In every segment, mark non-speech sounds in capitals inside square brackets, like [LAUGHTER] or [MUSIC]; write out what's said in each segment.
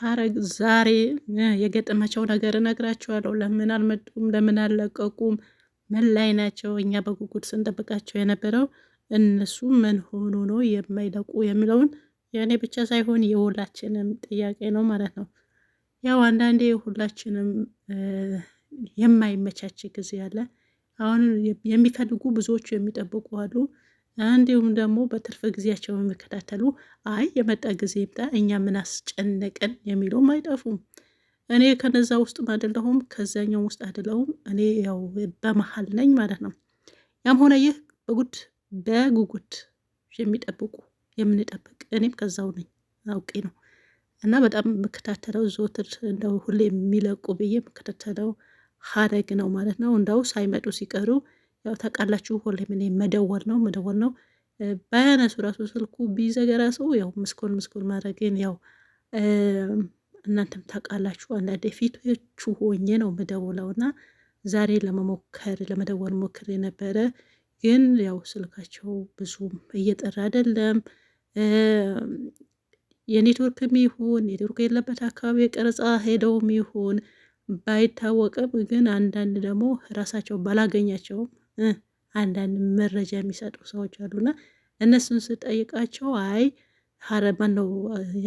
ሐረግ ዛሬ የገጠመቸው ነገር እነግራችኋለሁ። ለምን አልመጡም? ለምን አልለቀቁም? ምን ላይ ናቸው? እኛ በጉጉት ስንጠብቃቸው የነበረው እነሱ ምን ሆኑ ነው የማይለቁ የሚለውን የእኔ ብቻ ሳይሆን የሁላችንም ጥያቄ ነው ማለት ነው። ያው አንዳንዴ ሁላችንም የማይመቻች ጊዜ አለ። አሁን የሚፈልጉ ብዙዎቹ የሚጠብቁ አሉ። እንዲሁም ደግሞ በትርፍ ጊዜያቸው የሚከታተሉ አይ የመጣ ጊዜ ይምጣ እኛ ምን አስጨነቀን የሚሉም አይጠፉም። እኔ ከነዛ ውስጥም አይደለሁም፣ ከዛኛው ውስጥ አይደለሁም። እኔ ያው በመሀል ነኝ ማለት ነው። ያም ሆነ ይህ በጉድ በጉጉት የሚጠብቁ የምንጠብቅ እኔም ከዛው ነኝ አውቄ ነው እና በጣም የምከታተለው ዞትር እንደው ሁሌ የሚለቁ ብዬ የምከታተለው ሀረግ ነው ማለት ነው። እንደው ሳይመጡ ሲቀሩ ያው ታውቃላችሁ፣ ሁሌም እኔ መደወል ነው መደወል ነው። ባያነሱ ራሱ ስልኩ ቢዘጋ ራሱ ያው ምስኮል ምስኮል ማድረግን ያው እናንተም ታውቃላችሁ። አንዳንዴ ፊቶቹ ሆኜ ነው መደውለው እና ዛሬ ለመሞከር ለመደወል ሞክር የነበረ ግን ያው ስልካቸው ብዙም እየጠራ አይደለም። የኔትወርክም ይሁን ኔትወርክ የለበት አካባቢ የቀረጻ ሄደውም ይሁን ባይታወቅም ግን አንዳንድ ደግሞ ራሳቸው ባላገኛቸውም አንዳንድ መረጃ የሚሰጡ ሰዎች አሉና እነሱን ስጠይቃቸው አይ ሀረማን ነው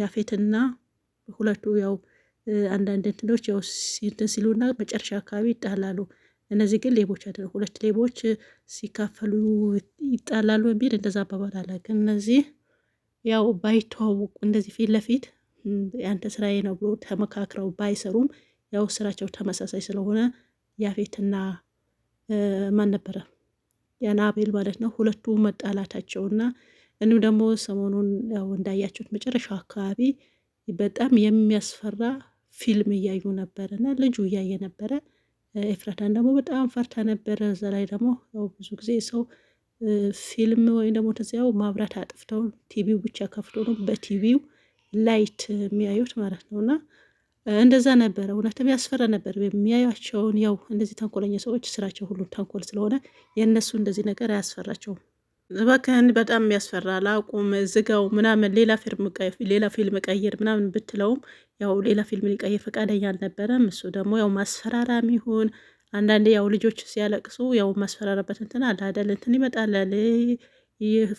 ያፌትና ሁለቱ ያው አንዳንድ እንትኖች ያው እንትን ሲሉና መጨረሻ አካባቢ ይጣላሉ። እነዚህ ግን ሌቦች አይደለም፣ ሁለት ሌቦች ሲካፈሉ ይጣላሉ የሚል እንደዛ አባባል አለ። ግን እነዚህ ያው ባይተዋወቁ እንደዚህ ፊት ለፊት ያንተ ስራዬ ነው ብሎ ተመካክረው ባይሰሩም ያው ስራቸው ተመሳሳይ ስለሆነ ያፌትና ማን ነበረ ያን አቤል ማለት ነው። ሁለቱ መጣላታቸው እና እንዲሁም ደግሞ ሰሞኑን ያው እንዳያችሁት መጨረሻው አካባቢ በጣም የሚያስፈራ ፊልም እያዩ ነበረ እና ልጁ እያየ ነበረ። ኤፍራታን ደግሞ በጣም ፈርታ ነበረ። እዛ ላይ ደግሞ ያው ብዙ ጊዜ ሰው ፊልም ወይም ደግሞ ተዚያው ማብራት አጥፍተው ቲቪው ብቻ ከፍቶ ነው በቲቪው ላይት የሚያዩት ማለት ነው እና እንደዛ ነበረ። እውነትም ያስፈራ ነበር የሚያያቸውን። ያው እንደዚህ ተንኮለኛ ሰዎች ስራቸው ሁሉ ተንኮል ስለሆነ የእነሱ እንደዚህ ነገር አያስፈራቸውም። እባክህን በጣም ያስፈራል፣ አቁም፣ ዝጋው ምናምን ሌላ ሌላ ፊልም ቀይር ምናምን ብትለውም ያው ሌላ ፊልም ሊቀይር ፈቃደኛ አልነበረም። እሱ ደግሞ ያው ማስፈራራም ይሁን አንዳንዴ ያው ልጆች ሲያለቅሱ ያው ማስፈራራበት እንትን አለ አይደል እንትን ይመጣላል፣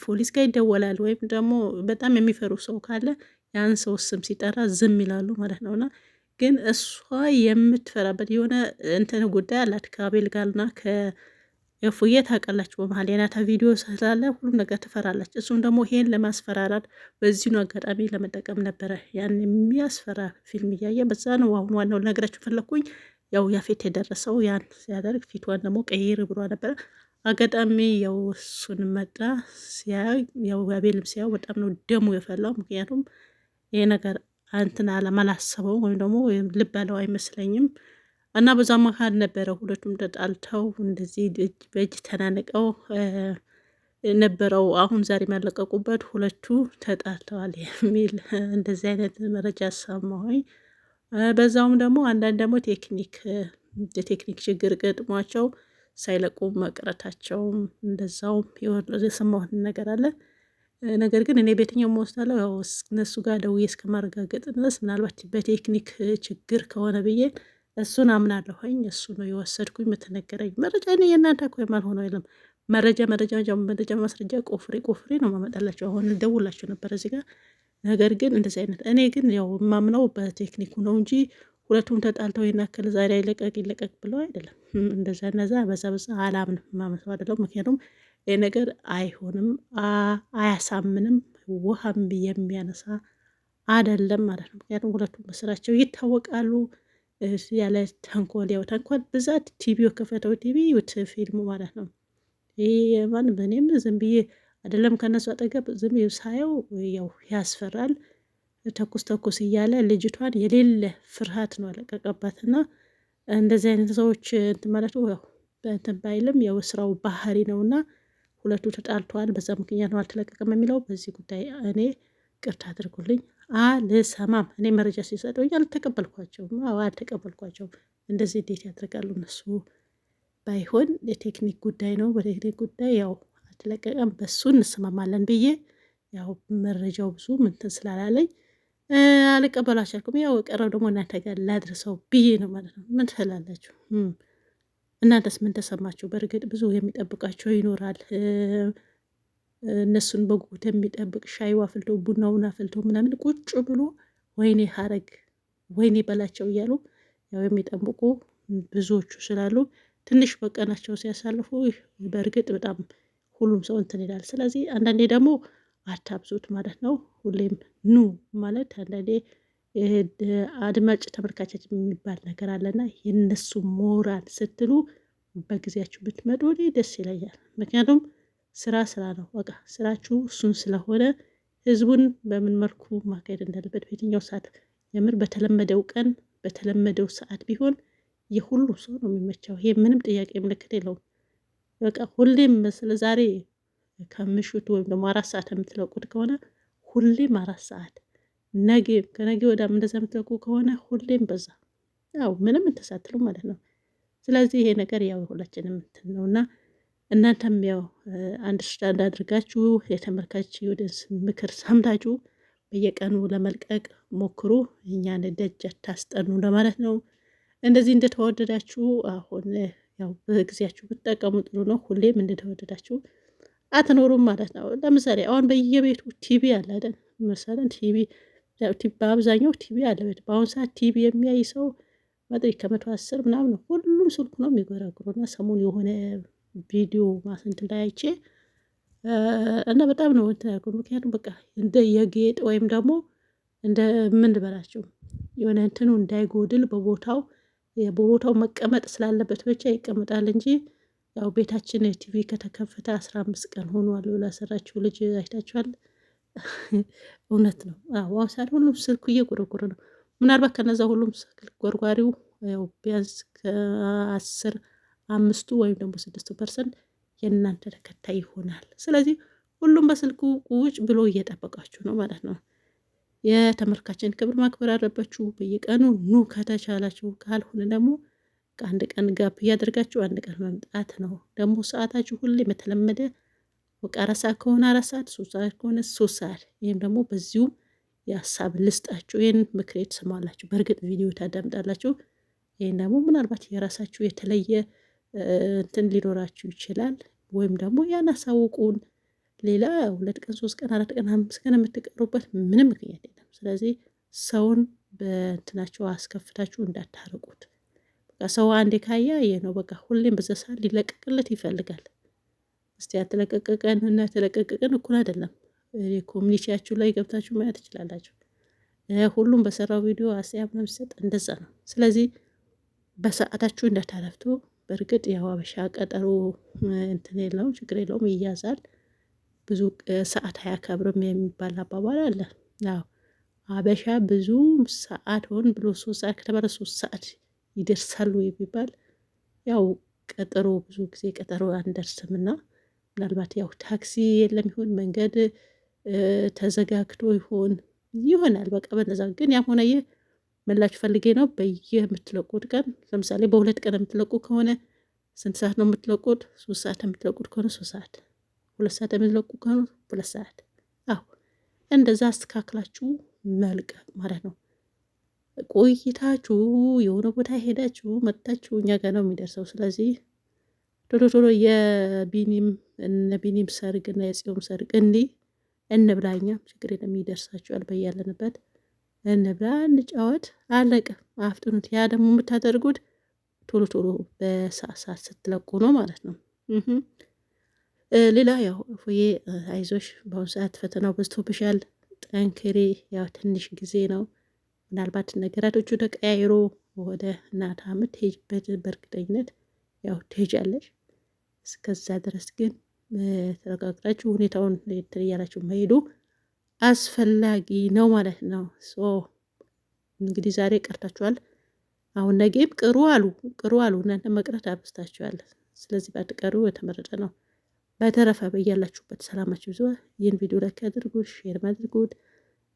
ፖሊስ ጋር ይደወላል። ወይም ደግሞ በጣም የሚፈሩ ሰው ካለ ያን ሰው ስም ሲጠራ ዝም ይላሉ ማለት ነውና ግን እሷ የምትፈራበት የሆነ እንትን ጉዳይ አላት ከአቤል ጋርና ከፉዬ ታውቃላችሁ። በመሀል የናታ ቪዲዮ ስላለ ሁሉም ነገር ትፈራለች። እሱም ደግሞ ይሄን ለማስፈራራት በዚሁ አጋጣሚ ለመጠቀም ነበረ ያን የሚያስፈራ ፊልም እያየ በዛ ነው። አሁን ዋናው ነገራችሁ ፈለግኩኝ። ያው ያፌት የደረሰው ያን ሲያደርግ ፊቷን ደግሞ ቀይር ብሏ ነበረ። አጋጣሚ ያው እሱን መጣ ሲያ ያው አቤልም ሲያዩ በጣም ነው ደሙ የፈላው። ምክንያቱም ይሄ ነገር እንትን አለም አላሰበውም፣ ወይም ደግሞ ልብ ያለው አይመስለኝም። እና በዛ መካከል ነበረ ሁለቱም ተጣልተው እንደዚህ እጅ በእጅ ተናንቀው ነበረው። አሁን ዛሬ ያለቀቁበት ሁለቱ ተጣልተዋል የሚል እንደዚህ አይነት መረጃ ሰማሁኝ። በዛውም ደግሞ አንዳንድ ደግሞ ቴክኒክ የቴክኒክ ችግር ገጥሟቸው ሳይለቁ መቅረታቸውም እንደዛውም የሰማሁትን ነገር አለ። ነገር ግን እኔ ቤትኛው መወስዳለው ያው እነሱ ጋር ደውዬ እስከማረጋገጥ ድረስ ምናልባት በቴክኒክ ችግር ከሆነ ብዬ እሱን አምናለሁኝ። እሱ ነው የወሰድኩኝ። የምትነገረኝ መረጃ እኔ የእናንተ እኮ የማልሆነው የለም። መረጃ መረጃ መረጃ ማስረጃ ቆፍሬ ቆፍሬ ነው ማመጣላቸው። አሁን ልደውላቸው ነበር እዚህ ጋር ነገር ግን እንደዚህ አይነት እኔ ግን ያው የማምነው በቴክኒኩ ነው እንጂ ሁለቱም ተጣልተው ይናከል ዛሬ ይለቀቅ ይለቀቅ ብለው አይደለም። እንደዛ ነዛ በዛ በዛ አላምንም ማመሰው አይደለም ምክንያቱም ይህ ነገር አይሆንም፣ አያሳምንም፣ ውሃም የሚያነሳ አደለም ማለት ነው። ምክንያቱም ሁለቱም በስራቸው ይታወቃሉ። ያለ ተንኮል ያው ተንኮል ብዛት ቲቪ ከፈተው ቲቪ ዩት ፊልሙ ማለት ነው። ይህ ማን እኔም ዝም ብዬ አይደለም ከነሱ አጠገብ ዝም ብዬ ሳየው ያው ያስፈራል። ተኩስ ተኩስ እያለ ልጅቷን የሌለ ፍርሃት ነው ያለቀቀባትና እንደዚህ አይነት ሰዎች እንትን ያው በእንትን ባይልም ያው ስራው ባህሪ ና። ሁለቱ ተጣልተዋል፣ በዛ ምክንያት ነው አልተለቀቀም የሚለው በዚህ ጉዳይ እኔ ቅርት አድርጉልኝ አልሰማም። እኔ መረጃ ሲሰጠኝ አልተቀበልኳቸውም። አልተቀበልኳቸው አልተቀበልኳቸውም። እንደዚህ እንዴት ያደርጋሉ እነሱ? ባይሆን የቴክኒክ ጉዳይ ነው። በቴክኒክ ጉዳይ ያው አልተለቀቀም፣ በሱ እንስማማለን ብዬ ያው መረጃው ብዙ ምንትን ስላላለኝ አልቀበሉ ያው ቀረው ደግሞ እናንተ ጋር ላድርሰው ብዬ ነው ማለት ነው። ምን ትላላችሁ? እናንተስ ምን ተሰማችሁ? በእርግጥ ብዙ የሚጠብቃቸው ይኖራል። እነሱን በጉጉት የሚጠብቅ ሻይ አፍልቶ ቡናውን አፍልቶ ምናምን ቁጭ ብሎ ወይኔ ሀረግ ወይኔ በላቸው እያሉ ያው የሚጠብቁ ብዙዎቹ ስላሉ ትንሽ በቀናቸው ሲያሳልፉ በእርግጥ በጣም ሁሉም ሰው እንትን ይላል። ስለዚህ አንዳንዴ ደግሞ አታብዙት ማለት ነው። ሁሌም ኑ ማለት አንዳንዴ አድማጭ ተመልካቻች የሚባል ነገር አለና የነሱ ሞራል ስትሉ በጊዜያችሁ ብትመጡ እኔ ደስ ይለኛል። ምክንያቱም ስራ ስራ ነው፣ በቃ ስራችሁ እሱን ስለሆነ ህዝቡን በምን መልኩ ማካሄድ እንዳለበት በየትኛው ሰዓት የምር በተለመደው ቀን በተለመደው ሰዓት ቢሆን የሁሉ ሰው ነው የሚመቸው። ይሄ ምንም ጥያቄ ምልክት የለውም። በቃ ሁሌም ስለ ዛሬ ከምሽቱ ወይም ደግሞ አራት ሰዓት የምትለቁት ከሆነ ሁሌም አራት ሰዓት ነገ ከነገ ወዲያም እንደዛ የምትለቁ ከሆነ ሁሌም በዛ ያው ምንም እንተሳትሉ ማለት ነው። ስለዚህ ይሄ ነገር ያው ሁላችንም እንትን ነው እና እናንተም ያው አንደርስታንድ አድርጋችሁ የተመልካች ዩደንስ ምክር ሰምታችሁ በየቀኑ ለመልቀቅ ሞክሩ። እኛን ደጅ አታስጠኑ ለማለት ነው። እንደዚህ እንደተወደዳችሁ አሁን ያው በጊዜያችሁ ብትጠቀሙ ጥሩ ነው። ሁሌም እንደተወደዳችሁ አትኖሩም ማለት ነው። ለምሳሌ አሁን በየቤቱ ቲቪ አለ አይደል? ቲቪ በአብዛኛው ቲቪ አለበት። በአሁኑ ሰዓት ቲቪ የሚያይ ሰው መጥ ከመቶ አስር ምናምን ሁሉም ስልኩ ነው የሚጎረጉረው እና ሰሞኑ የሆነ ቪዲዮ ማስንት እንዳያይቼ እና በጣም ነው እንትን ያልኩት። ምክንያቱም በቃ እንደ የጌጥ ወይም ደግሞ እንደ ምን ልበላቸው የሆነ እንትኑ እንዳይጎድል በቦታው በቦታው መቀመጥ ስላለበት ብቻ ይቀመጣል እንጂ ያው ቤታችን ቲቪ ከተከፈተ አስራ አምስት ቀን ሆኗል ብላ ልጅ አይታችኋል። [LAUGHS] እውነት ነው። አዎ ሳል ሁሉም ስልኩ እየጎረጎረ ነው። ምናልባት ከነዛ ሁሉም ስልክ ጎርጓሪው ያው ቢያንስ ከአስር አምስቱ ወይም ደግሞ ስድስቱ ፐርሰንት የእናንተ ተከታይ ይሆናል። ስለዚህ ሁሉም በስልኩ ቁጭ ብሎ እየጠበቃችሁ ነው ማለት ነው። የተመልካችን ክብር ማክበር አለባችሁ። በየቀኑ ኑ ከተቻላችሁ፣ ካልሆነ ደግሞ ከአንድ ቀን ጋፕ እያደርጋችሁ አንድ ቀን መምጣት ነው። ደግሞ ሰዓታችሁ ሁሌ የተለመደ ወቃ አረሳ ከሆነ ሶስት ሰዓት ከሆነ ሰዓት ይህም ደግሞ በዚሁ የሀሳብ ልስጣችሁ። ይህን ምክሬ ትሰማላችሁ፣ በእርግጥ ቪዲዮ ታዳምጣላችሁ። ይህን ደግሞ ምናልባት የራሳችሁ የተለየ እንትን ሊኖራችሁ ይችላል። ወይም ደግሞ ያን አሳውቁን። ሌላ ሁለት ቀን ሶስት ቀን አራት ቀን አምስት ቀን የምትቀሩበት ምንም ምክንያት የለም። ስለዚህ ሰውን በእንትናቸው አስከፍታችሁ እንዳታርቁት። በቃ ሰው አንዴ ካያ ይህ ነው በቃ ሁሌም በዛ ሰዓት ሊለቀቅለት ይፈልጋል። እስቲ ያተለቀቀ ቀን እና የተለቀቀ ቀን እኩል አይደለም። ኮሚኒቲያችሁ ላይ ገብታችሁ ማየት ትችላላችሁ። ሁሉም በሰራው ቪዲዮ አስተያየት ሰጥ እንደዛ ነው። ስለዚህ በሰዓታችሁ እንዳታረፍቱ። በእርግጥ ያው አበሻ ቀጠሮ እንትን የለውም ችግር የለውም ይያዛል። ብዙ ሰዓት አያከብርም የሚባል አባባል አለ። ያው አበሻ ብዙ ሰዓት ሆን ብሎ ሶስት ሰዓት ከተባለ ሶስት ሰዓት ይደርሳሉ የሚባል ያው ቀጠሮ ብዙ ጊዜ ቀጠሮ አንደርስም እና ምናልባት ያው ታክሲ የለም ይሁን መንገድ ተዘጋግቶ ይሆን ይሆናል። በቃ በነዛ ግን ያም ሆነ ይህ መላችሁ ፈልጌ ነው። በየ ቀን ለምሳሌ በሁለት ቀን የምትለቁ ከሆነ ስንት ሰዓት ነው የምትለቁት? ሶስት ሰዓት የምትለቁት ከሆነ ሶስት ሰዓት፣ ሁለት ሰዓት የምትለቁ ከሆነ ሁለት ሰዓት። አዎ እንደዛ አስተካክላችሁ መልቀቅ ማለት ነው። ቆይታችሁ የሆነ ቦታ ሄዳችሁ መጥታችሁ እኛ ጋር ነው የሚደርሰው። ስለዚህ ቶሎ ቶሎ የቢኒም እነ ቢኒም ሰርግ እና የጽዮም ሰርግ እንዲህ እንብላኛ ችግር የለም ይደርሳችኋል። በያለንበት እንብላ፣ እንጫወት፣ አለቀ። አፍጥኑት። ያ ደግሞ የምታደርጉት ቶሎ ቶሎ በሳሳት ስትለቁ ነው ማለት ነው። ሌላ ያው እፎዬ አይዞሽ፣ በአሁኑ ሰዓት ፈተናው በዝቶብሻል፣ ጠንክሬ። ያው ትንሽ ጊዜ ነው ምናልባት ነገራቶቹ ተቀያይሮ ወደ እናታ የምትሄጂበት በእርግጠኝነት ያው ትሄጃለሽ። እስከዛ ድረስ ግን ተረጋግጣችሁ ሁኔታውን እንትን እያላችሁ መሄዱ አስፈላጊ ነው ማለት ነው። ሶ እንግዲህ ዛሬ ቀርታችኋል። አሁን ነገም ቅሩ አሉ ቅሩ አሉ እናንተ መቅረት አብስታችኋል። ስለዚህ ባትቀሩ የተመረጠ ነው። በተረፈ በያላችሁበት ሰላማችሁ ብዙ። ይህን ቪዲዮ ላይክ አድርጉ፣ ሼር አድርጉት፣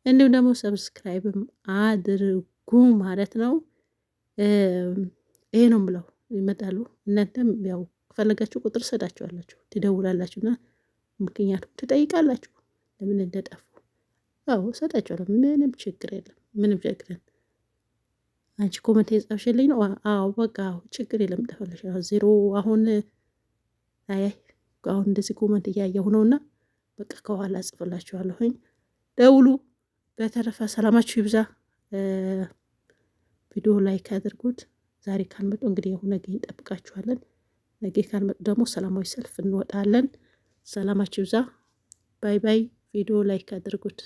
እንዲሁም ደግሞ ሰብስክራይብም አድርጉ ማለት ነው። ይሄ ነው ብለው ይመጣሉ እናንተም ያው ከፈለጋችሁ ቁጥር ሰዳችኋላችሁ፣ ትደውላላችሁና ምክንያቱም ትጠይቃላችሁ ለምን እንደጠፉ። አዎ ሰዳችኋለሁ፣ ምንም ችግር የለም፣ ምንም ችግር የለም። አንቺ ኮመንት የጻፍሽልኝ ነው። አዎ በቃ ችግር የለም፣ ጠፈለሽ ዜሮ። አሁን አይ አሁን እንደዚህ ኮመንት እያየሁ ነውና በቃ ከኋላ ጽፍላችኋለሁኝ፣ ደውሉ። በተረፈ ሰላማችሁ ይብዛ። ቪዲዮ ላይክ አድርጉት። ዛሬ ካልመጡ እንግዲህ የሆነ ግን እንጠብቃችኋለን። ነገ ካልመጡ ደግሞ ሰላማዊ ሰልፍ እንወጣለን። ሰላማችሁ ይብዛ። ባይ ባይ። ቪዲዮ ላይክ አድርጉት።